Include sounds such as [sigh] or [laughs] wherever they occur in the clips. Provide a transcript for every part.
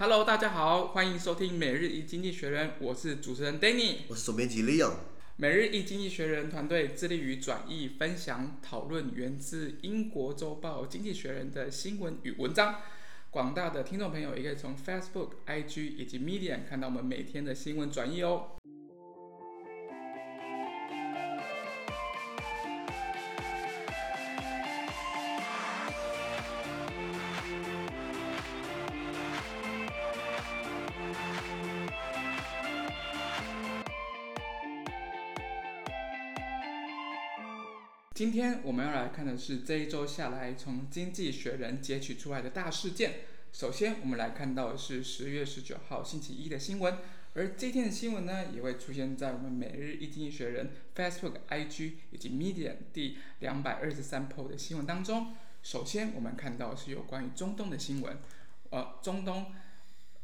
Hello，大家好，歡迎收聽《每日一經濟學人》，我是主持人 Danny，我是主編吉利勇。《每日一經濟學人》團隊致力於轉譯、分享、討論源自英國周報《經濟學人》的新聞與文章。廣大的聽眾朋友也可以從 Facebook、IG 以及 Medium 看到我們每天的新聞轉譯哦。今天我們要來看的是這一周下來從《經濟學人》截取出來的大事件。首先，我們來看到的是十月十九號星期一的新聞，而這一天的新聞呢，也會出現在我們每日一《經濟學人》Facebook、IG 以及 Medium 第兩百二十三 po 的新聞當中。首先，我們看到是有關於中東的新聞，呃，中東。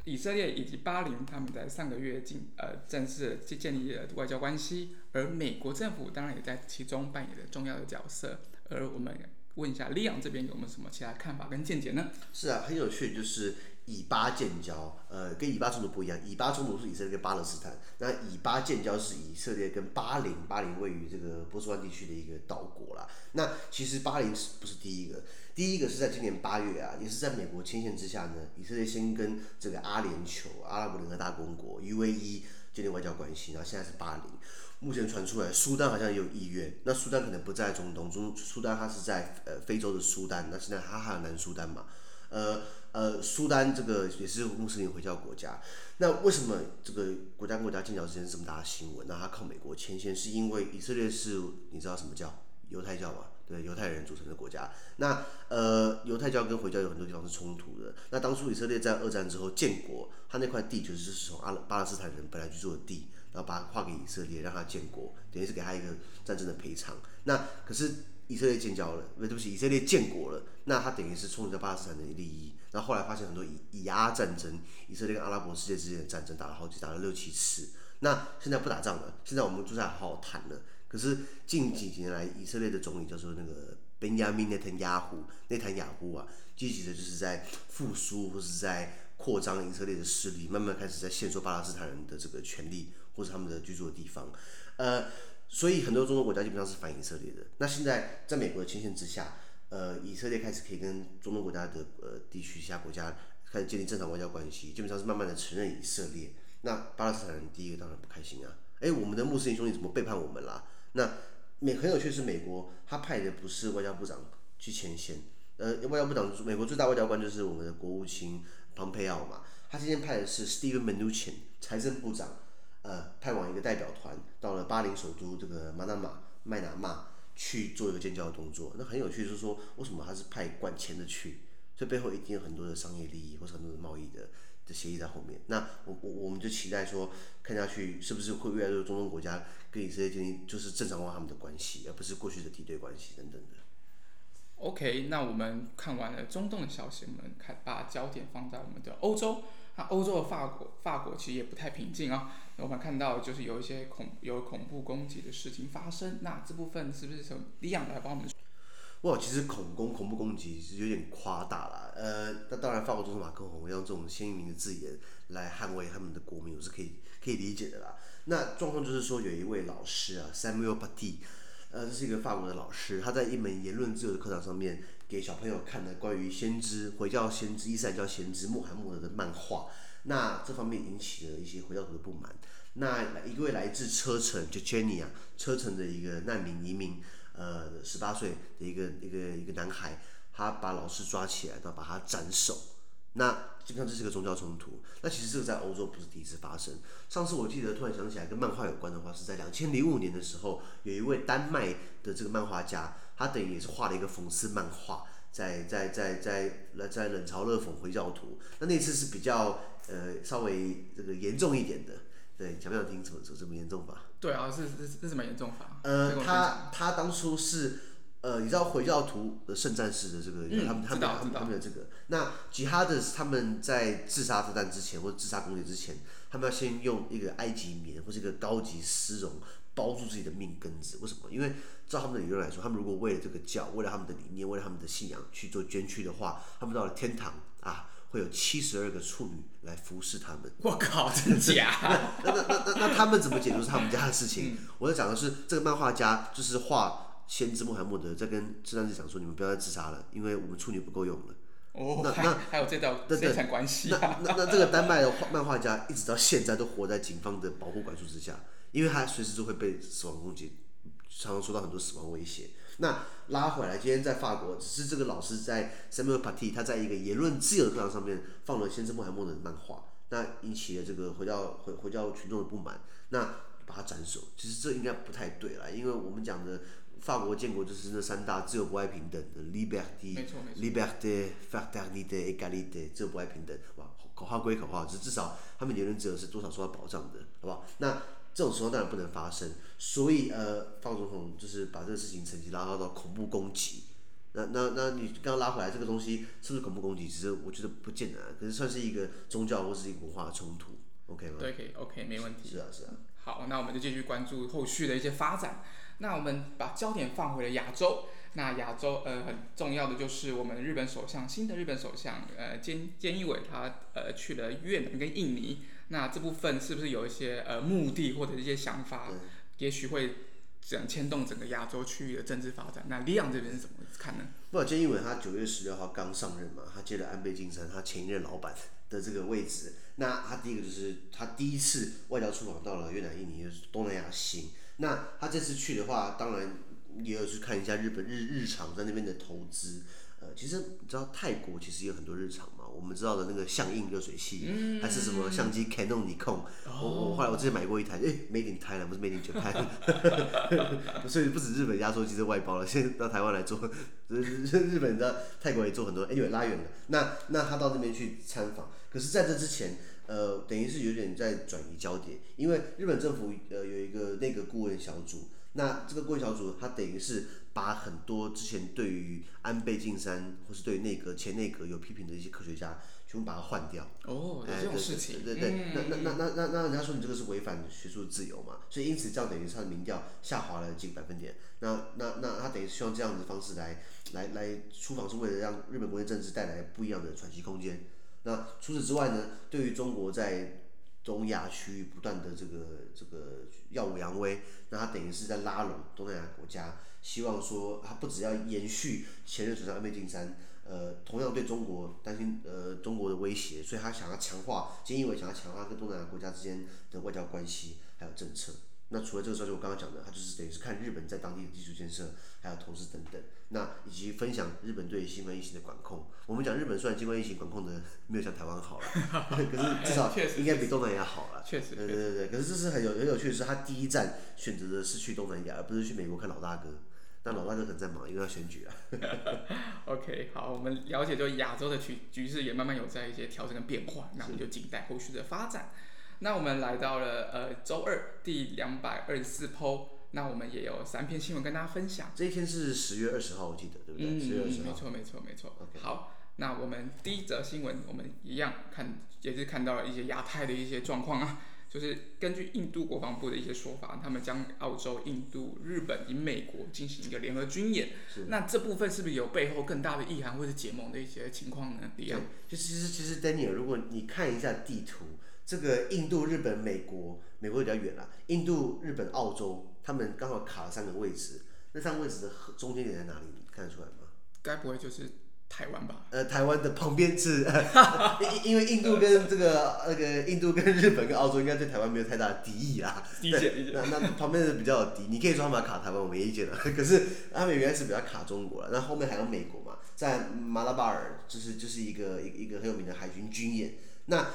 以色列以及巴林，他們在上個月進呃，正式建建立了外交關係，而美國政府當然也在其中扮演了重要的角色，而我們。問一下利昂這邊有沒有什麼其他看法跟見解呢？是啊，很有趣，就是以巴建交，呃，跟以巴衝突不一樣。以巴衝突是以色列跟巴勒斯坦，那以巴建交是以色列跟巴林，巴林位於這個波斯灣地區的一個島國啦。那其實巴林是不是第一個？第一個是在今年八月啊，也是在美國牽線之下呢，以色列先跟這個阿聯酋、阿拉伯聯合大公國 （UAE） 建立外交關係啊，然後現在是巴林。目前傳出來，蘇丹好像也有意願。那蘇丹可能不在中東中，蘇丹它是在呃非洲的蘇丹，那現在它還有南蘇丹嘛，呃呃，蘇丹這個也是穆斯林回教國家。那為什麼這個國家跟國家建交之間這麼大的新聞？那它靠美國牽線，是因為以色列是，你知道什麼教？猶太教嘛，對，猶太人組成的國家。那呃，猶太教跟回教有很多地方是衝突的。那當初以色列在二戰之後建國，它那塊地就是是從阿巴勒斯坦人本來居住的地，然後把它劃給以色列，讓他建國，等於是給他一個戰爭的賠償。那可是以色列建交了，不，對不起，以色列建國了。那他等於是衝着巴勒斯坦的利益。然後，後來發現很多以以阿戰爭，以色列跟阿拉伯世界之間的戰爭打了好幾，打了六七次。那現在不打仗了，現在我們就在好好談了。可是近幾、幾年來，以色列的總理叫做那個 Benjamin Netanyahu, Netanyahu 啊，積極的就是在復甦或者是在擴張以色列的勢力，慢慢開始在限縮巴勒斯坦人的這個權利。或是他們的居住的地方，呃，所以很多中東國家基本上是反以色列的。那現在在美國的牽線之下，呃，以色列開始可以跟中東國家的呃、地區其他國家開始建立正常外交關係，基本上是慢慢的承認以色列。那巴勒斯坦人第一個當然不開心啊！誒，我們的穆斯林兄弟怎麼背叛我們啦？那美很有趣的是美國，他派的不是外交部長去牽線，呃，外交部長美國最大外交官就是我們的國務卿蓬佩奧嘛，他今天派的是 Steven Mnuchin 財政部長。呃，派往一個代表團到了巴林首都這個馬納馬、麥拿馬去做一個建交的動作，那很有趣，就是說為什麼他是派管錢的去？這背後一定有很多的商業利益，或者很多的貿易的的協議在後面。那我我我們就期待說，看下去是不是會越來越多中東國家跟以色列進行，就是正常化他們的關係，而不是過去的敵對關係等等的。OK，那我們看完了中東的消息，我們看把焦點放在我們的歐洲。那歐、啊、洲的法國，法國其實也不太平靜啊。我們看到就是有一些恐有恐怖攻擊的事情發生，那這部分是不是從力量來幫我們？哇，其實恐攻恐怖攻擊是有點誇大了。呃，那當然，法國總統馬克龍用這種鮮明的字眼來捍衛他們的國民，我是可以可以理解的啦。那狀況就是說，有一位老師啊，Samuel Paty 呃，這是一個法國的老師，他在一門言論自由的課堂上面給小朋友看了關於先知回教先知伊斯蘭教先知穆罕默德的漫畫，那這方面引起了一些回教徒的不滿。那一位來自車臣就 Chechnya 啊，車臣的一個難民移民，呃，十八歲的一個一個一個男孩，他把老師抓起來，然後把他斬首。那就像這是個宗教衝突，那其實這個在歐洲不是第一次發生。上次我記得突然想起來，跟漫畫有關的話，是在兩千零五年的時候，有一位丹麥的這個漫畫家，他等於也是畫了一個諷刺漫畫，在在在在來在，在冷嘲熱諷回教徒。那那次是比較呃稍微這個嚴重一點的，對，想不想聽什什麼嚴重法？對啊，是是是，是什麼嚴重法？呃，他他當初是。呃，你知道回教徒的聖戰士的這個，嗯、他們、嗯、他們的他們的這個，那吉哈德，他們在自殺炸彈之前或者自殺攻擊之前，他們要先用一個埃及棉或者一個高級絲絨包住自己的命根子，為什麼？因為照他們的理論來說，他們如果為了這個教，為了他們的理念，為了他們的信仰去做捐軀的話，他們到了天堂啊，會有七十二個處女來服侍他們。我靠，真的假？ [laughs] 那那那那那他們怎麼解讀 [laughs] 是他們家的事情？嗯、我在講的是這個漫畫家就是畫。先知穆罕默德在跟志願者講說：“你們不要再自殺了，因為我們處女不夠用了。”哦、oh，那那還有這道生產關係，啊。那那那這個丹麥的漫畫家一直到現在都活在警方的保護管束之下，因為他隨時都會被死亡攻擊，常常受到很多死亡威脅。那拉回來，今天在法國，只是這個老師在 Samuel Paty，他在一個言論自由課堂上面放了先知穆罕默德的漫畫，那引起了這個回教回回教群眾的不滿，那把他斬首。其實這應該不太對了，因為我們講的。法國建國就是那三大自由、不愛平等的 liberté, liberté, fraternité, egalité 自由、不愛平等。哇，口號歸口號，至、就是、至少他們言論自由是多少受到保障的，好不好？那這種情況當然不能發生，所以呃，法國總統就是把這個事情層級拉到到恐怖攻擊。那那那你剛剛拉回來這個東西是不是恐怖攻擊？其實我覺得不見得，可是算是一個宗教或是一個文化的衝突。OK 嗎？對，可以，OK，是沒問題。是啊，是啊。好，那我們就繼續關注後續的一些發展。那我們把焦點放回了亞洲。那亞洲呃，很重要的就是我們日本首相，新的日本首相呃，菅菅義偉他呃去了越南跟印尼。那這部分是不是有一些呃目的或者一些想法？嗯、也許會，想牽動整個亞洲區域的政治發展？那 Leon 這邊是怎麼看呢？不，菅義偉他九月十六號剛上任嘛，他接了安倍晉三他前任老板的這個位置。那他第一個就是他第一次外交出訪到了越南、印尼，就是東南亞行。那他這次去的話，當然也有去看一下日本日日常在那邊的投資。呃，其實你知道泰國其實有很多日常嘛，我們知道的那個象印熱水器，嗯、還是什麼相機 Canon Nik、哦、Nikon、哦。我我後來我之前買過一台，哎、欸，made in Thailand，不是 made in Japan。所以不止日本壓縮機是外包了，現在到台灣來做。日、就是、日本在泰國也做很多。哎呦，拉遠了。那那他到那邊去參訪，可是在這之前。呃，等於是有點在轉移焦點，因為日本政府呃有一個內閣顧問小組，那這個顧問小組他等於是把很多之前對於安倍晉三或是對於內閣前內閣有批評的一些科學家，全部把它換掉。哦，哎、這種事情。對對，對、嗯、那那那那那那人家說你這個是違反學術自由嘛，所以因此這樣等於他的民調下滑了近百分點。那那那他等於是用這樣子的方式來來來出訪，是為了讓日本國內政治帶來不一樣的喘息空間。那除此之外呢？對於中國在東亞區域不斷的這個這個耀武揚威，那他等於是在拉攏東南亞國家，希望說他不只要延續前任首相安倍晉三，呃，同樣對中國擔心呃中國的威脅，所以他想要強化，菅義偉想要強化跟東南亞國家之間的外交關係，還有政策。那除了這個，就我剛剛講的，他就是等於是看日本在當地的基礎建設還有投資等等。那以及分享日本對新冠疫情的管控。嗯、我們講日本雖然新冠疫情管控的沒有像台灣好了， [laughs] 可是至少應該比東南亞好了。確實。確實確實對對對，對可是這是很有很有趣的是，他第一站選擇的是去東南亞，嗯、而不是去美國看老大哥。但老大哥可能在忙，因為要選舉了，啊。 [laughs] [laughs] OK，好，我們了解就亞洲的局局勢也慢慢有在一些調整跟變化，是那我們就靜待後續的發展。那我們來到了呃周二第兩百二十四 PO，那我們也有三篇新聞跟大家分享。這一篇是十月二十號，我記得對不對？嗯，沒錯沒錯沒錯。沒錯 Okay. 好，那我們第一則新聞，Okay. 我們一樣看，也是看到了一些亞太的一些狀況啊，就是根據印度國防部的一些說法，他們將澳洲、印度、日本與美國進行一個聯合軍演。的那這部分是不是有背後更大的意涵，或者是結盟的一些情況呢？二對、就是，就其實其實 Daniel，如果你看一下地圖。這個印度、日本、美國，美國比較遠了。印度、日本、澳洲，他們剛好卡了三個位置。那三個位置的中間點在哪裡？你看得出來嗎？該不會就是台灣吧？呃，台灣的旁邊是， [laughs] [laughs] 因為印度跟這個 [laughs] 那個印度跟日本跟澳洲應該對台灣沒有太大的敵意啊。那那旁邊是比較有敵， [laughs] 你可以說他們卡台灣，我沒意見了。可是他們原來是比較卡中國了，那後面還有美國嘛，在馬拉巴爾，就是就是一個一一個很有名的海軍軍演。那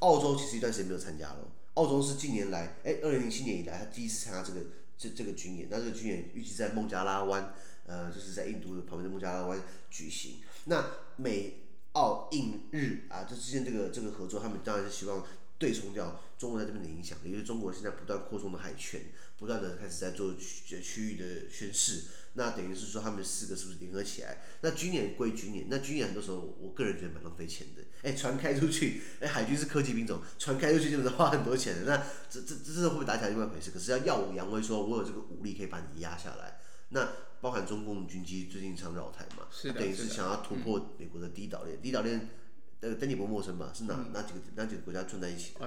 澳洲其實一段時間沒有參加了，澳洲是近年來，哎，2007年以來，他第一次參加這個這這個軍演，那這個軍演預計在孟加拉灣，呃，就是在印度旁邊的孟加拉灣舉行。那美、澳、印、日啊，這之間這個這個合作，他們當然是希望對沖掉中國在這邊的影響，因為中國現在不斷擴充的海權。不斷的開始在做區域的宣示，那等於是說他們四個是不是聯合起來？那軍演歸軍演，那軍演很多時候我個人覺得蠻浪費錢的。哎、欸，船開出去，哎、欸，海軍是科技兵種，船開出去就能花很多錢。那這這這是會不會打起來另外一回事？可是要耀武揚威，說我有這個武力可以把你壓下來。那包含中共軍機最近常繞台嘛，的啊、等於是想要突破美國的第一島鏈。第一島鏈那個“對你不陌生”吧？是哪哪、嗯、幾個哪國家串在一起的？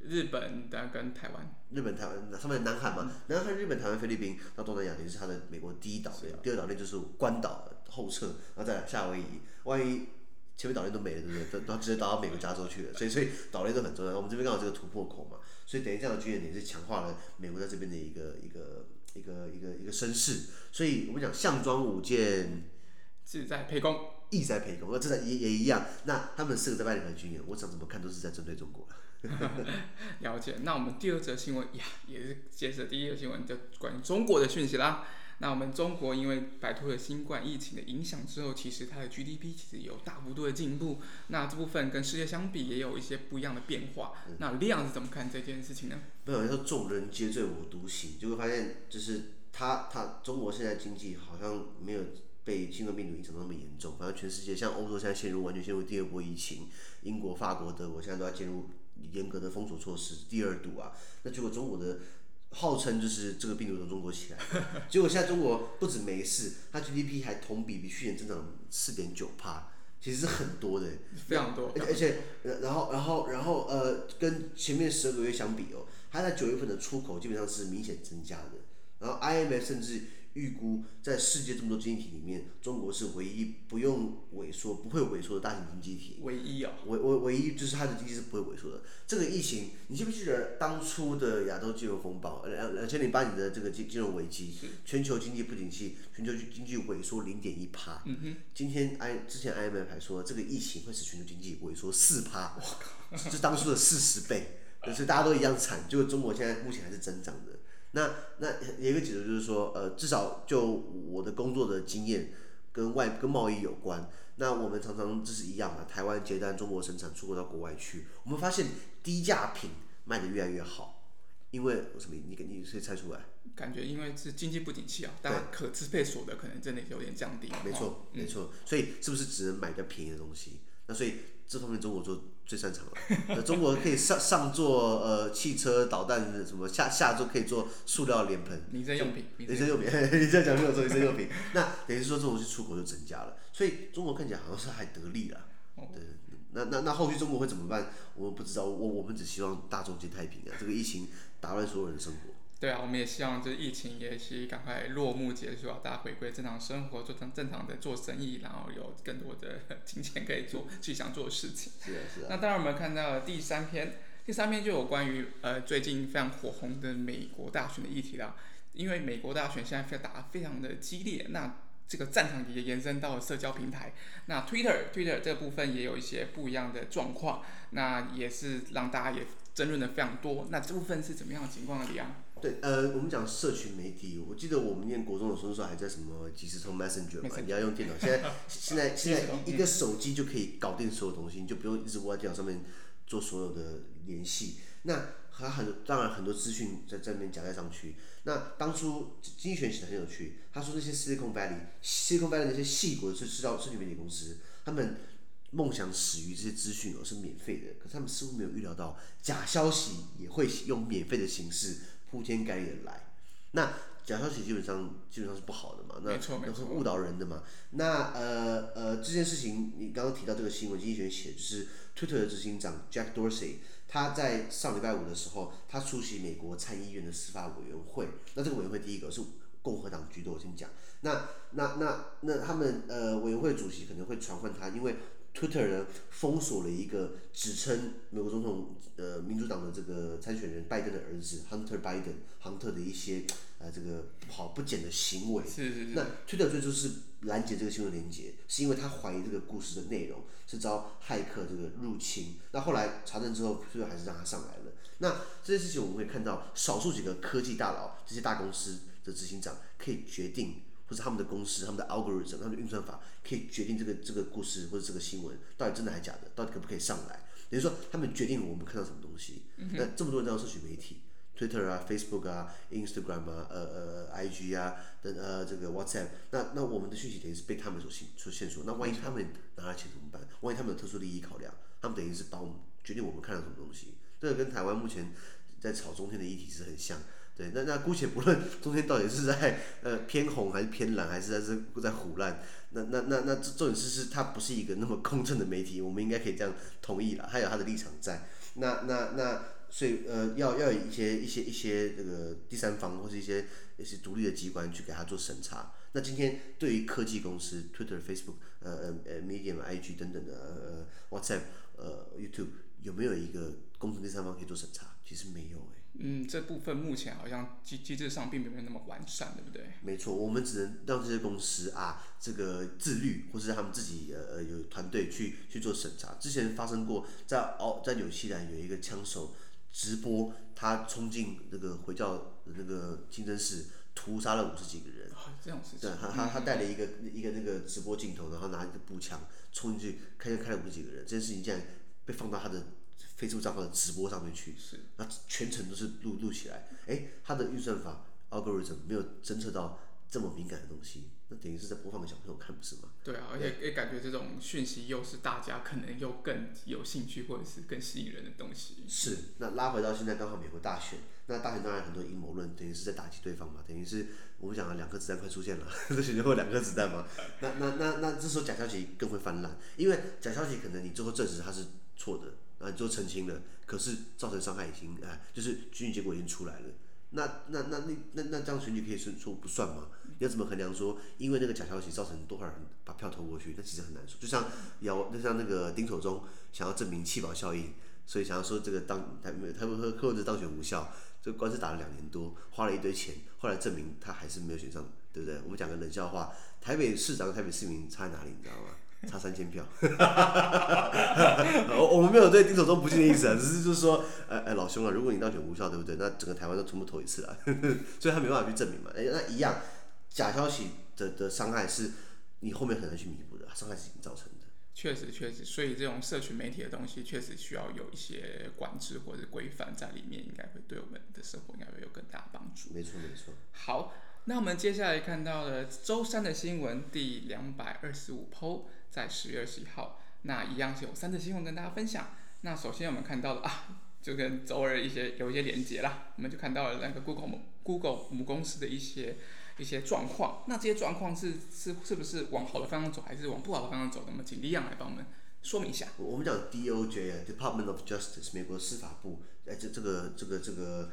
日本，的日本，當然跟台灣、嗯。日本、台灣，他們的南韓嘛，南韓、日本、台灣、菲律賓到東南亞，也是它的美國第一島鏈，啊、第二島鏈就是關島後撤，然後再來夏威夷。萬一前面島鏈都沒了，對不對？ [laughs] 都直接打到美國加州去了。所以，所以島鏈都很重要。我們這邊剛好這個突破口嘛，所以等於這樣的軍演，也是強化了美國在這邊的一個一個一個一個一個聲勢。所以我們講項莊舞劍，志在沛公；意在沛公。那這個也也一樣。那他們四個在馬拉巴爾的軍演，我想怎麼看都是在針對中國了。 [laughs] 了解，那我們第二則新聞呀，也是接着第一個新聞就關於中國的訊息啦。那我們中國因為擺脫了新冠疫情的影響之後，其實它的 GDP 其實有大幅度的進步。那這部分跟世界相比，也有一些不一樣的變化。嗯，那量是怎麼看這件事情呢？沒有，就說眾人皆醉我獨醒，就會發現就是他他中國現在經濟好像沒有被新冠病毒影響那麼嚴重。反正全世界像歐洲現在陷入完全陷入第二波疫情，英國、法國、德國現在都要進入。嚴格的封鎖措施，第二度啊，那結果中國的號稱就是這個病毒從中國起來，結果現在中國不止沒事，它 GDP 還同比比去年增長四點九帕，其實是很多的，非常多。而且而且，然後然後然後呃，跟前面十二個月相比哦，它在九月份的出口基本上是明顯增加的，然後 IMF 甚至。預估在世界這麼多經濟體裡面，中國是唯一不用萎縮、不會萎縮的大型經濟體。唯一啊、哦！唯唯唯一就是它的經濟是不會萎縮的。這個疫情，你記不記得當初的亞洲金融風暴？兩兩千零八年的這個金金融危機，全球經濟不景氣，全球經濟萎縮零點一趴。嗯哼。今天埃之前埃 IMF 還說，這個疫情會使全球經濟萎縮四趴。我靠！是當初的四十倍，可是大家都一樣慘。就是中國現在目前還是增長的。那那也有一個解釋就是說，呃，至少就我的工作的經驗，跟外跟貿易有關。那我們常常這是一樣的，台灣接單，中國生產，出口到國外去。我們發現低價品賣得越來越好，因為什麼？你你可以猜出來。感覺因為是經濟不景氣啊，大家可支配所得可能真的有點降低。沒錯，沒錯。嗯。所以是不是只能買比較便宜的東西？那所以這方面，中國做。最擅長了，中國可以上上做呃汽車導彈什麼，下下就可以做塑料臉盆，民生用品，民生用品，你在講沒有做民生用品，那等於說這種東西出口就增加了，所以中國看起來好像是還得利了。對，那那那後續中國會怎麼辦？我不知道，我我們只希望大眾國太平，這個疫情打亂所有人的生活。對啊，我們也希望這疫情也是趕快落幕結束啊，大家回歸正常生活，做成正常的做生意，然後有更多的金錢可以做自己想做的事情。 [laughs] 是啊，是啊。那當然我們看到了第三篇，第三篇就有關於呃最近非常火紅的美國大選的議題啦。因為美國大選現在打得非常的激烈，那這個戰場也延伸到了社交平台。那 Twitter Twitter 這部分也有一些不一樣的狀況，那也是讓大家也爭論的非常多。那這部分是怎麼樣的情況的呀？對，呃，我們講社群媒體，我記得我們念國中的時候還在什麼即時通 Messenger 嘛，事你要用電腦。現在，現在，現在一個手機就可以搞定所有東西，你就不用一直窩在電腦上面做所有的聯繫。那還很當然，很多資訊在在面夾帶上去。那當初經濟學人寫的很有趣，他說那些 Silicon Valley，Silicon Valley 那些矽谷的社社交社群媒體公司，他們夢想始於這些資訊而、哦、是免費的，可是他們似乎沒有預料到假消息也會用免費的形式。鋪天蓋地來，那假消息基本上基本上是不好的嘛，那都錯是誤導人的嘛。錯那呃呃這件事情，你剛剛提到這個新聞，經濟學人寫就是推特的執行長 Jack Dorsey，他在上禮拜五的時候，他出席美國參議院的司法委員會。那這個委員會第一個是共和黨居多，我先講。那那那那，那他們呃委員會主席可能會傳喚他，因為。Twitter 呢封鎖了一個指稱美國總統呃民主黨的這個參選人拜登的兒子 Hunter Biden，Hunter 的一些呃這個不好不檢的行為。是是是。那 Twitter 最初是攔截這個新聞連結，是因為他懷疑這個故事的內容是遭駭客這個入侵。那後來查證之後，最後還是讓他上來了。那這件事情我們會看到，少數幾個科技大佬，這些大公司的執行長可以決定。或是他們的公司、他們的 algorithm、他們的運算法，可以決定這個這個故事或者這個新聞到底真的還假的，到底可不可以上來？等於說，他們決定我們看到什麼東西。嗯、哼那這麼多人在社群媒體，Twitter 啊、Facebook 啊、Instagram 啊、呃呃、IG 啊，等呃這個 WhatsApp，那那我們的訊息等於是被他們所限所限縮。那萬一他們拿了錢怎麼辦？萬一他們有特殊利益考量，他們等於是幫我們決定我們看到什麼東西。這個跟台灣目前在炒中天的議題是很像。對，那那姑且不論中間到底是在呃偏紅還是偏藍，還是在這在唬爛，那那那那這種事是它不是一個那麼公正的媒體，我們應該可以這樣同意啦，它有它的立場在，那那那所以呃要要有一些一些一些這個第三方或是一些一些獨立的機關去給他做審查。那今天對於科技公司 Twitter Facebook、呃、Facebook、呃呃呃 Medium、IG 等等的呃呃 WhatsApp、呃，WhatsApp，呃 YouTube 有沒有一個公正第三方可以做審查？其實沒有誒、欸。嗯，這部分目前好像機機制上並沒有那麼完善，對不對？沒錯，我們只能讓這些公司啊，這個自律，或是他們自己呃呃有團隊去去做審查。之前發生過在，在澳在紐西蘭有一個槍手直播，他衝進那個回教的那個清真寺，屠殺了五十幾個人。是、哦、這樣子。對，他他他帶了一個嗯嗯一個那個直播鏡頭，然後拿一個步槍衝進去開槍開了五十幾個人。這件事情竟然被放到他的。Facebook 賬號的直播上面去，是，那全程都是錄錄起來，誒、欸，它的演算法、嗯、algorithm 沒有偵測到這麼敏感的東西，那等於是在播放給小朋友看，不是嗎？對啊，而且對也,也感覺這種訊息又是大家可能又更有興趣或者是更吸引人的東西。是，那拉回到現在，剛好美國大選，那大選當然很多陰謀論，等於是在打擊對方嘛，等於是我們講啊，兩顆子彈快出現了， [laughs] 選舉後兩顆子彈嘛， [laughs] 那那那那這時候假消息更會泛濫，因為假消息可能你最後證實它是錯的。啊，就澄清了，可是造成傷害已經哎、啊，就是選舉結果已經出來了，那那那那那那，那這樣選舉可以說不算嗎？你要怎麼衡量說，因為那個假消息造成多少人把票投過去？那其實很難說。就像姚，就像那個丁守中想要證明棄保效應，所以想要說這個當台北，他們和柯文哲當選無效，這個官司打了兩年多，花了一堆錢，後來證明他還是沒有選上，對不對？我們講個冷笑話，台北市長台北市民差在哪裡，你知道嗎？差三千票， [laughs] 我我們沒有對丁守中不敬的意思、啊，只是就是說，哎老兄啊，如果你當選無效，對不對？那整個台灣都全部投一次啊， [laughs] 所以他沒辦法去證明嘛。那一樣，假消息的的傷害是，你後面很難去彌補的、啊，傷害是已經造成的。確實確實，所以這種社群媒體的東西確實需要有一些管制或者規範在裡面，應該會對我們的生活應該會有更大幫助。沒錯沒錯。好，那我們接下來看到了周三的新聞第兩百二十五剖。在十月二十一號，那一樣是有三則新聞跟大家分享。那首先我們看到的啊,就跟周二一些有一些連接啦，我們就看到了那個 Google Google 母公司的一些一些狀況。那這些狀況是是是不是往好的方向走，還是往不好的方向走？那麼請李陽來幫我們說明一下。我，我們講 DOJ，Department of Justice，美國司法部，哎，這這個這個這個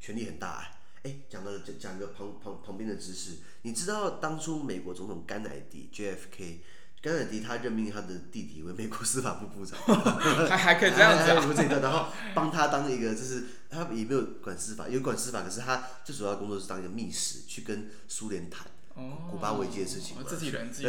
權力很大啊。哎，講個講，講一個旁旁旁邊的知識，你知道當初美國總統甘乃迪 JFK，JF K，甘迺迪他任命他的弟弟為美國司法部部長， [laughs] 他還可以這樣講我們這一段，然後幫他當一個就是他也沒有管司法，有管司法，可是他最主要的工作是當一個密使去跟蘇聯談古巴危機的事情對對自己人自己去，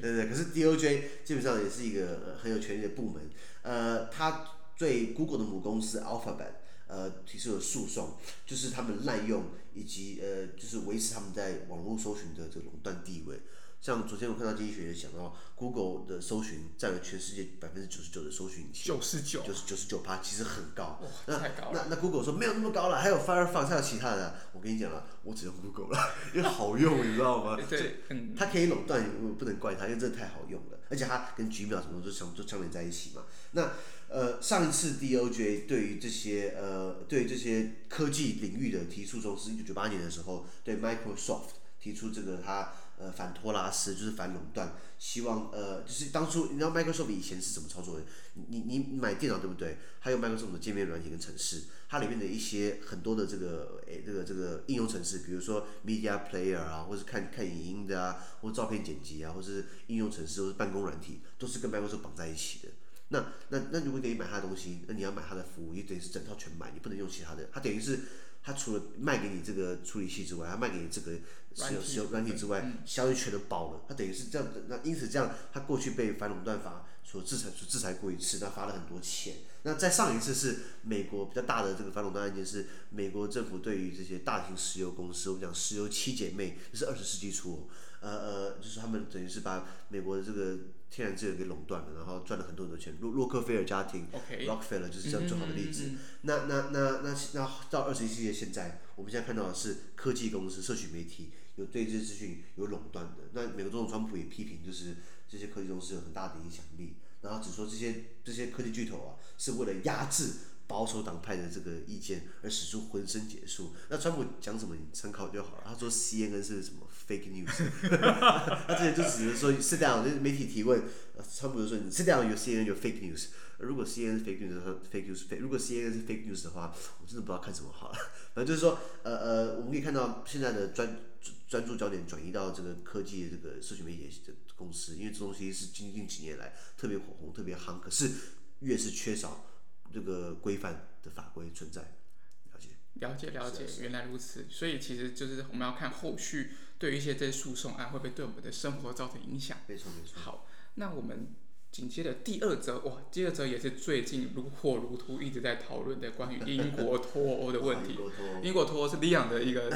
對對對，可是 DOJ 基本上也是一個很有權力的部門，呃，他對 Google 的母公司 Alphabet 呃提出了訴訟，就是他們濫用以及呃就是維持他們在網絡搜尋的這個壟斷地位。像昨天我看到經濟學人講到，Google 的搜尋占了全世界百分之九十九的搜尋，九十九，九十九十九趴其實很高。哇那太高了。那那 Google 說沒有那麼高了，還有、Fire、Firefox 還有其他的。我跟你講了，我只用 Google 了，因為好用， [laughs] 你知道嗎？對，對就很。它可以壟斷，ow, 不能怪它，因為這太好用了，而且它跟 Gmail 什麼全部都相連在一起嘛。那呃，上一次 DOJ 對於這些呃對於這些科技領域的提出中，是一九九八年的時候，對 Microsoft 提出這個他。呃，反托拉斯就是反壟斷，希望呃，就是當初你知道 Microsoft 以前是怎麼操作的？你你買電腦對不對？還有 Microsoft 的界面軟體跟程式，它裡面的一些很多的這個誒、欸，這個這個應用程式，比如說 Media Player 啊，或是看看影音的啊，或照片剪輯啊，或是應用程式，或是辦公軟體，都是跟 Microsoft 綁在一起的。那那那如果等於買他的東西，那你要買他的服務，也等於是整套全買，你不能用其他的。他等於是。他除了賣給你這個處理器之外，他賣給你這個石油石油軟件之外，嗯、消息全都包了。他等於是這樣子，那因此這樣，他過去被反壟斷法所制裁，所制裁過一次，他罰了很多錢。那再上一次是美國比較大的這個反壟斷案件，是美國政府對於這些大型石油公司，我們講石油七姐妹，就是二十世紀初，呃呃，就是他們等於是把美國的這個。天然資源給壟斷了，然後賺了很多很多錢。洛洛克菲勒家庭 Okay.，Rockefeller 就是這樣最好的例子。嗯嗯嗯嗯，那那那那那到二十一世紀現在，我們現在看到的是科技公司、社群媒體有對這些資訊有壟斷的。那美國總統川普也批評，就是這些科技公司有很大的影響力，然後只說這些這些科技巨頭啊是為了壓制保守黨派的這個意見而使出渾身解數。那川普講什麼你參考就好了，他說 CNN 是什麼？fake news，那這也就只是說，sit down 就是媒體提問，差不多說你 sit down 有 CNN 有 fake news，啊、如果 CNN 是 fake news，他 fake news fake，如果 CNN 是 fake news 的話，我真的不知道看什麼好了。反，啊、正就是說，呃呃，我們可以看到現在的專專，專注焦點轉移到這個科技這個社群媒體的公司，因為這東西是近近幾年來特別火紅，特別夯。可是越是缺少這個規範的法規存在，了解了解了解，了解是原來如此。所以其實就是我們要看後續。對於一些這些訴訟案，會不會對我們的生活造成影響？沒錯，沒錯。好，那我們緊接着第二則，哇，第二則也是最近如火如荼一直在討論的關於英國脫歐的問題。 [laughs] 英、國英國脫歐是 Leon 的一個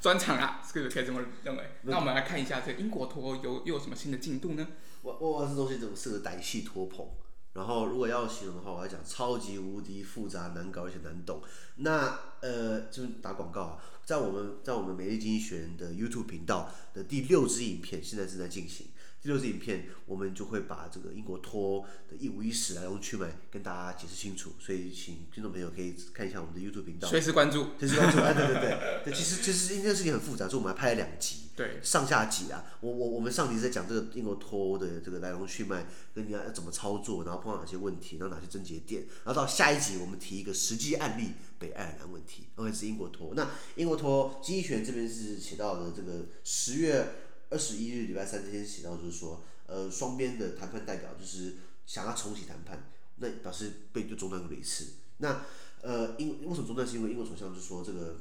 專場啊，是不是可以這麼認為？那我們來看一下這英國脫歐有又、又有什麼新的進度呢？我我我是說，是是個歹戲拖棚。然後，如果要形容的話，我要講超級無敵複雜、難搞而且難懂。那呃，就打廣告啊，在我們，在我們美麗經濟學人的 YouTube 頻道的第六支影片，現在正在進行。第六支影片，我們就會把這個英國脫歐的一五一十來龍去脈跟大家解釋清楚。所以，請聽眾朋友可以看一下我們的 YouTube 頻道，隨時關注，隨時關注啊！對對對， [laughs] 對，其實其實這件事情很複雜，所以我們還拍了兩集。對，上下集啊，我我我們上集在講這個英國脫歐的這個來龍去脈，跟你要要怎麼操作，然後碰到哪些問題，然後哪些症結點，然後到下一集我們提一個實際案例——北愛爾蘭問題，OK？是英國脫歐。那英國脫歐經濟學人這邊是寫到的，這個十月二十一日禮拜三之前寫到，就是說，呃，雙邊的談判代表就是想要重啟談判，那表示被就中斷過一次。那呃，英為什麼中斷？是因為英國首相就說這個。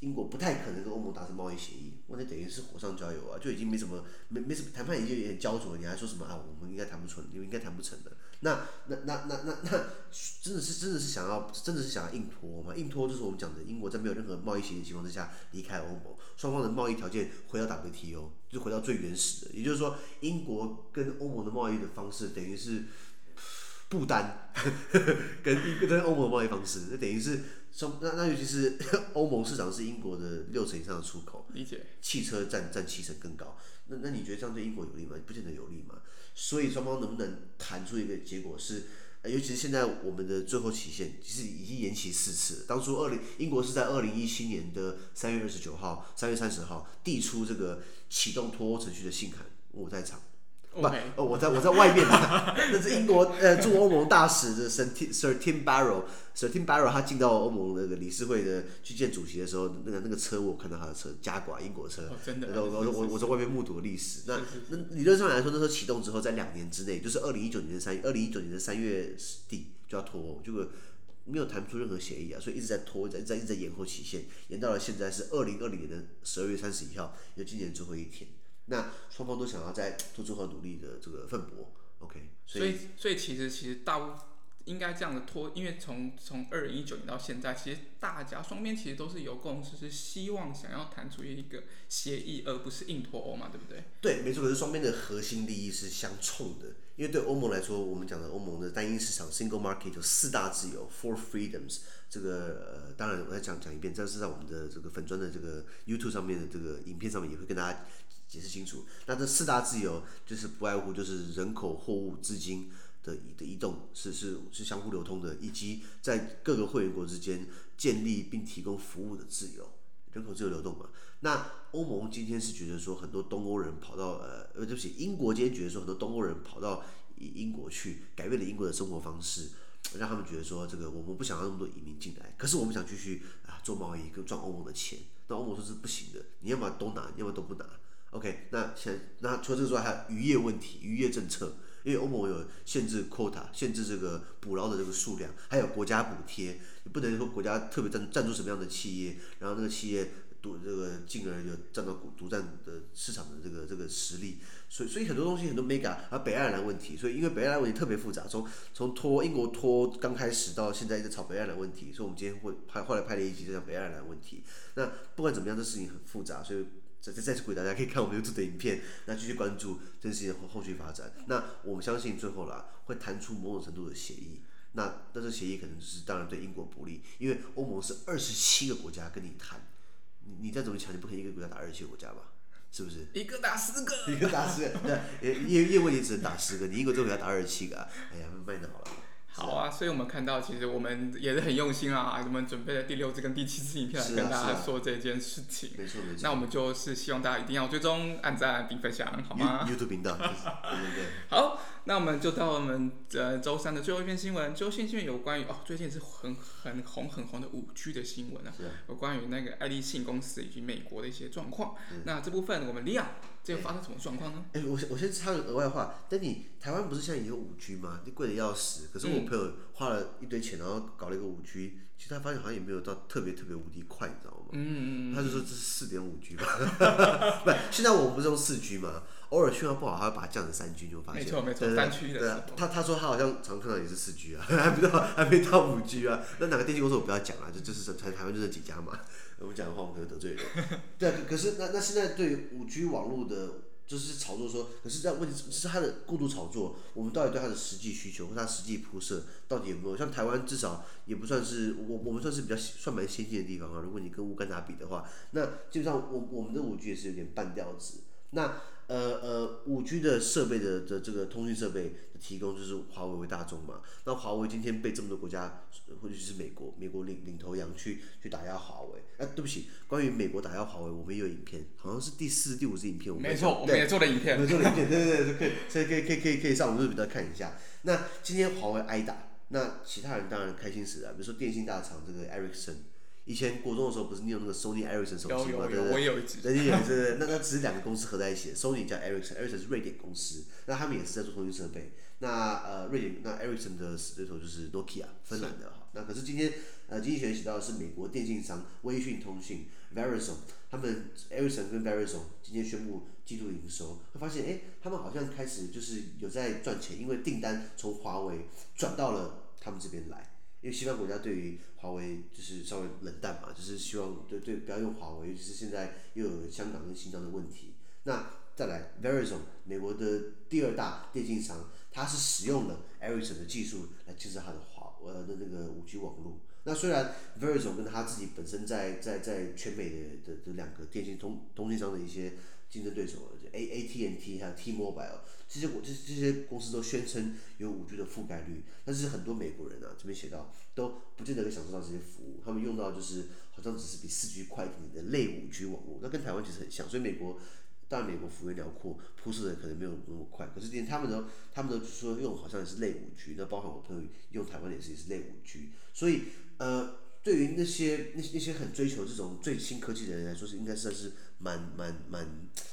英國不太可能跟歐盟達成貿易協議，那等於是火上澆油啊，就已經沒什麼沒沒什麼談判，已經有點焦灼，你還說什麼啊？我們應該談不成，因為應該談不成的。那那那那那那，那，真的是真的是想要真的是想要硬拖嗎？硬拖就是我們講的英國在沒有任何貿易協議的情況之下離開歐盟，雙方的貿易條件回到 WTO，就回到最原始的，也就是說英國跟歐盟的貿易的方式等於是不單跟一個跟歐盟貿易方式，那等於是。那那尤其是歐盟市場是英國的六成以上的出口，理解？汽車占占七成更高。那那你覺得這樣對英國有利嗎？不見得有利嘛。所以雙方能不能談出一個結果是？尤其是現在我們的最後期限其實已經延期四次了。當初二零英國是在二零一七年的三月二十九號、三月三十號遞出這個啟動脫歐程序的信函。我在場。Okay. [laughs] 不，哦，我在我在外面。 [laughs] 那是英國，呃，駐歐盟大使的 Sir Tim Barrow，Sir Tim Barrow，他進到歐盟那個理事會的去見主席的時候，那個那個車我看到他的車，加掛英國車，哦，真的，啊我。我我我在外面目睹了歷史。是是是，那那理論上來說，那時候啟動之後，在兩年之內，就是二零一九年的3，二零一九年的三月底就要脫歐，結果沒有談出任何協議啊，所以一直在拖，在在在延後期限，延到了現在是二零二零年的十二月三十一號，就是，今年最後一天。嗯那雙方都想要再做出和努力的這個奮搏，OK？所以，所以，所以其實其實大部分應該這樣的拖，因為從從二零一九年到現在，其實大家雙邊其實都是有共識，是希望想要談出一個協議，而不是硬脫歐嘛，對不對？對，沒錯，可是雙邊的核心利益是相衝的。因為對歐盟來說，我們講的歐盟的單一市場 （Single Market） 有四大自由 （Four Freedoms）。這個呃，當然我再講講一遍，這是在我們的這個粉專的這個 YouTube 上面的這個影片上面也會跟大家。解釋清楚，那這四大自由就是不外乎就是人口、貨物、資金的移的移動是是是相互流通的，以及在各個會員國之間建立並提供服務的自由，人口自由流動嘛。那歐盟今天是覺得說很多東歐人跑到呃呃對不起，英國今天覺得說很多東歐人跑到英國去改變了英國的生活方式，讓他們覺得說這個我們不想要那麼多移民進來，可是我們想繼續啊做貿易跟賺歐盟的錢，那歐盟說是不行的，你要麼都拿，你要麼都不拿。OK，那先那除了這個之外，還有漁業問題、漁業政策，因為歐盟有限制 quota，限制這個捕撈的這個數量，還有國家補貼，你不能說國家特別贊助贊助什麼樣的企業，然後這個企業獨這個進而就佔到獨，獨佔的市場的這個這個實力，所以所以很多東西很多 mega，還有北愛爾蘭，蘭問題，所以因為北愛爾蘭問題特別複雜，從從脫英國脫歐剛開始到現在一直炒北愛爾蘭，蘭問題，所以我們今天會拍後來拍了一集這叫北愛爾蘭，蘭問題，那不管怎麼樣，這事情很複雜，所以。再再再次鼓勵大家可以看我們 YouTube 的影片，那繼續關注這件事情後後續發展。那我們相信最後啦、啊、會談出某種程度的協議。那那這協議可能就是當然對英國不利，因為歐盟是二十七個國家跟你談，你你再怎麼強，你不可能一個國家打二十七個國家吧？是不是？一個打十個，一個打十個，那葉 [laughs] 因為你只能打十個，你英國要打二十七個，哎呀，慢點好了。好啊，所以我們看到，其實我們也是很用心啊，我們準備了第六支跟第七支影片來跟大家說這件事情。啊啊、沒錯沒錯，那我們就是希望大家一定要追蹤、按讚並分享，好嗎？YouTube 頻道，對對對，好。那我們就到我們呃週三的最後一篇新聞，最後一篇新聞有關於哦最近是很很、很紅很紅的五 G 的新聞啊，是啊有關於那個愛立信公司以及美國的一些狀況。是啊、那這部分我們 Lia，這發生什麼狀況呢？欸欸、我我先插個額外話，但你台灣不是現在也有五 G 嗎？你貴的要死，可是我朋友花了一堆錢，然後搞了一個五 G、嗯、其實他發現好像也沒有到特別特別無敵快，你知道嗎？嗯嗯、嗯他就說這是四點五 G 吧， [laughs] [laughs] 不，現在我們不是用四 G 嗎？偶爾信號不好，他會把它降成三 G，就會發現。沒錯沒錯，對單區的對他他說他好像常看到也是四 G 啊，還沒到還沒到五 G 啊。那哪個電信公司我不要講啊？就是台台灣就那幾家嘛。我們講的話，我們可能得罪人。 [laughs] 對，可是那那現在對五 G 網絡的就是炒作說，可是這問題是、就是、它他的過度炒作。我們到底對它的實際需求和它實際鋪設到底有沒有？像台灣至少也不算是我我們算是比較算蠻先進的地方啊。如果你跟烏干達比的話，那基本上我我們的五 G 也是有點半調子。那呃呃，五 G 的設備的的這個通訊設備的提供就是華為為大眾嘛。那華為今天被這麼多國家，或者是美國，美國領領頭羊去去打壓華為。哎、啊，對不起，關於美國打壓華為，我們也有影片，好像是第四、第五支影片，我們沒錯錯，對我們也做了影片，我們也做影片，對對對，可以，可以，可以，可以可以上我們這比較看一下。那今天華為挨打，那其他人當然開心死了，比如說電信大廠這個愛立信。以前國中的時候，不是你用那個 Sony Ericsson 手機嗎？對對對，那那只是兩個公司合在一起 [laughs] ，Sony 叫 Ericsson，Ericsson、e、是瑞典公司，那他們也是在做通訊設備。那呃，瑞典那 Ericsson 的對手就是 Nokia，、ok、芬蘭的。是那可是今天呃，經濟學人寫到的是美國電信商威訊通訊 Verizon，他們 Ericsson 跟 Verizon 今天宣布季度營收，會發現哎，他們好像開始就是有在賺錢，因為訂單從華為轉到了他們這邊來。因為西方國家對於華為就是稍微冷淡嘛，就是希望對對不要用華為，尤其是現在又有香港跟新疆的問題，那再來 Verizon 美國的第二大電信商，它是使用了 Ericsson 的技術來建設它的華呃的那個五 G 網絡。那雖然 Verizon 跟它自己本身在在在，在全美的這兩個電信通通信商的一些。競爭對手，就 AT&T 還有 T-Mobile，這些這這些公司都宣稱有五 G 的覆蓋率，但是很多美國人啊這邊寫到都不見得能享受到這些服務，他們用到就是好像只是比四 G 快一點的類五 G 網絡，那跟台灣其實很像，所以美國當然美國幅員遼闊，鋪設的可能沒有那麼快，可是連他們都他們都說用好像也是類五 G，那包含我朋友用台灣也是也是類五 G，所以呃。對於那些那些那些很追求這種最新科技的人來說，是應該算是蠻蠻蠻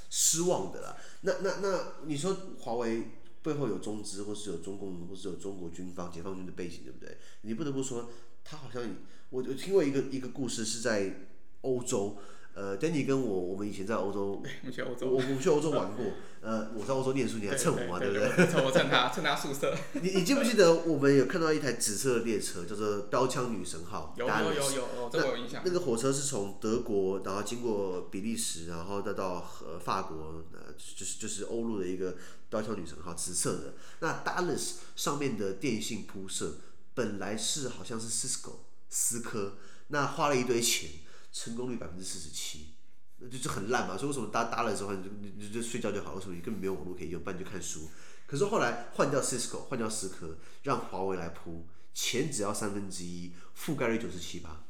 失望的了。那那那，那你說華為背後有中資，或是有中共，或是有中國軍方、解放軍的背景，對不對？你不得不說，他好像……我我聽過一個一個故事，是在歐洲。呃，丹尼跟我，我們以前在歐洲，我們去歐洲，我我去歐洲玩過。嗯、呃，我在我歐洲念書，你還蹭我嘛、啊，對不對？蹭 [laughs] 我蹭他，蹭他宿舍。 [laughs] 你你記不記得我們有看到一台紫色的列車叫做“刀槍女神號”？有有有有，都有，有，有，有，有印象。那，那個火車是從德國，然後經過比利時，然後再到和、呃、法國，呃，就是就是歐陸的一個“刀槍女神號”紫色的。那 Dallas 上面的電信鋪設本來是好像是 Cisco 思科，那花了一堆錢。成功率百分之四十七，那就就是、很爛嘛。所以為什麼搭搭了之後你就你就睡覺就好了？為什麼你根本沒有網絡可以用？不然你就看書。可是後來換掉 Cisco，換掉思科，讓華為來鋪，錢只要三分之一，覆蓋率九十七八。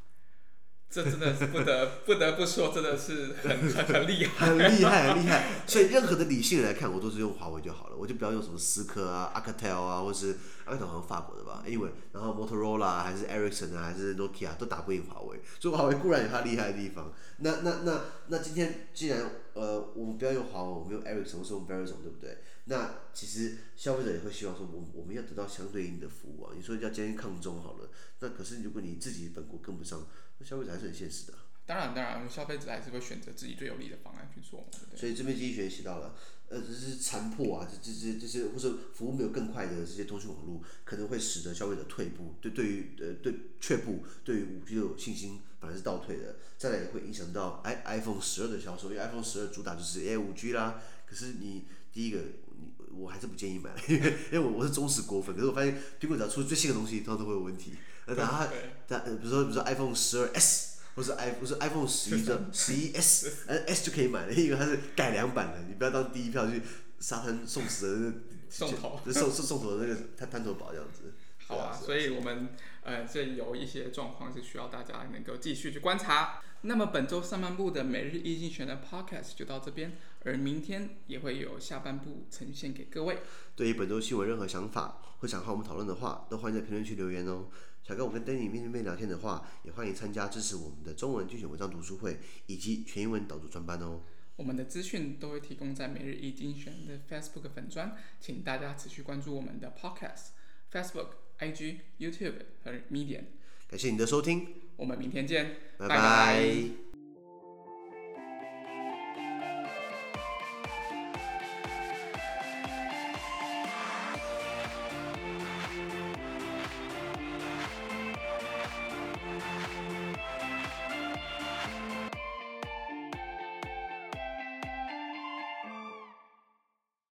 這真的是不得不得不說，真的是很很厲害， [laughs] 很厲害，很厲害。所以任何的理性來看，我都是用華為就好了，我就不要用什麼思科啊、Alcatel 啊，或者是阿聯酋好像法國的吧，因為然後 Motorola 還是 Ericsson 啊，還是 Nokia、ok，都打不贏華為。所以華為固然有它厲害的地方，那那那那今天既然呃我們不要用華為，我們用 Ericsson 或者用 Verizon 對不對？那其實消費者也會希望說，我們我們要得到相對應的服務啊。你說要堅持抗中好了，那可是如果你自己本國跟不上，消費者還是很現實的，當然，當然，消費者還是會選擇自己最有利的方案去做。所以這邊經濟學也提到了，呃，這是殘破啊，這、這、這、這些，或者服務沒有更快的這些通訊網絡，可能會使得消費者退步，對，對於呃，對，卻步，對於 5G 的信心本來是倒退的，再來也會影響到 i iPhone 十二的銷售，因為 iPhone 十二主打就是 A 5G 啦。可是你第一個，你我還是不建議買，因為我我是忠實果粉，可是我發現蘋果只要出最新的東西，它都會有問題。然後，但比如說，比如說 iPhone 十二 S，或者 iPhone，或是 iPhone 十一的十一 S，那 S, [laughs] S, s 就可以買了，另一個它是改良版的。你不要當第一票去沙灘送死的，那個，送頭，送 [laughs] 送送，送頭的那個攤攤頭寶這樣子。好啊，啊所以我們呃，這有一些狀況是需要大家能夠繼續去觀察。那麼本周上半部的每日一精選的 podcast 就到這邊，而明天也會有下半部呈現給各位。對於本周新聞任何想法，或想和我們討論的話，都歡迎在評論區留言哦。小哥，我跟丹尼面對面聊天的話，也歡迎參加支持我們的中文精選文章讀書會以及全英文導讀專班哦。我們的資訊都會提供在每日一精選的 Facebook 粉專，請大家持續關注我們的 Podcast、Facebook、IG、YouTube 和 Medium。感謝你的收聽，我們明天見，拜拜 bye。Bye bye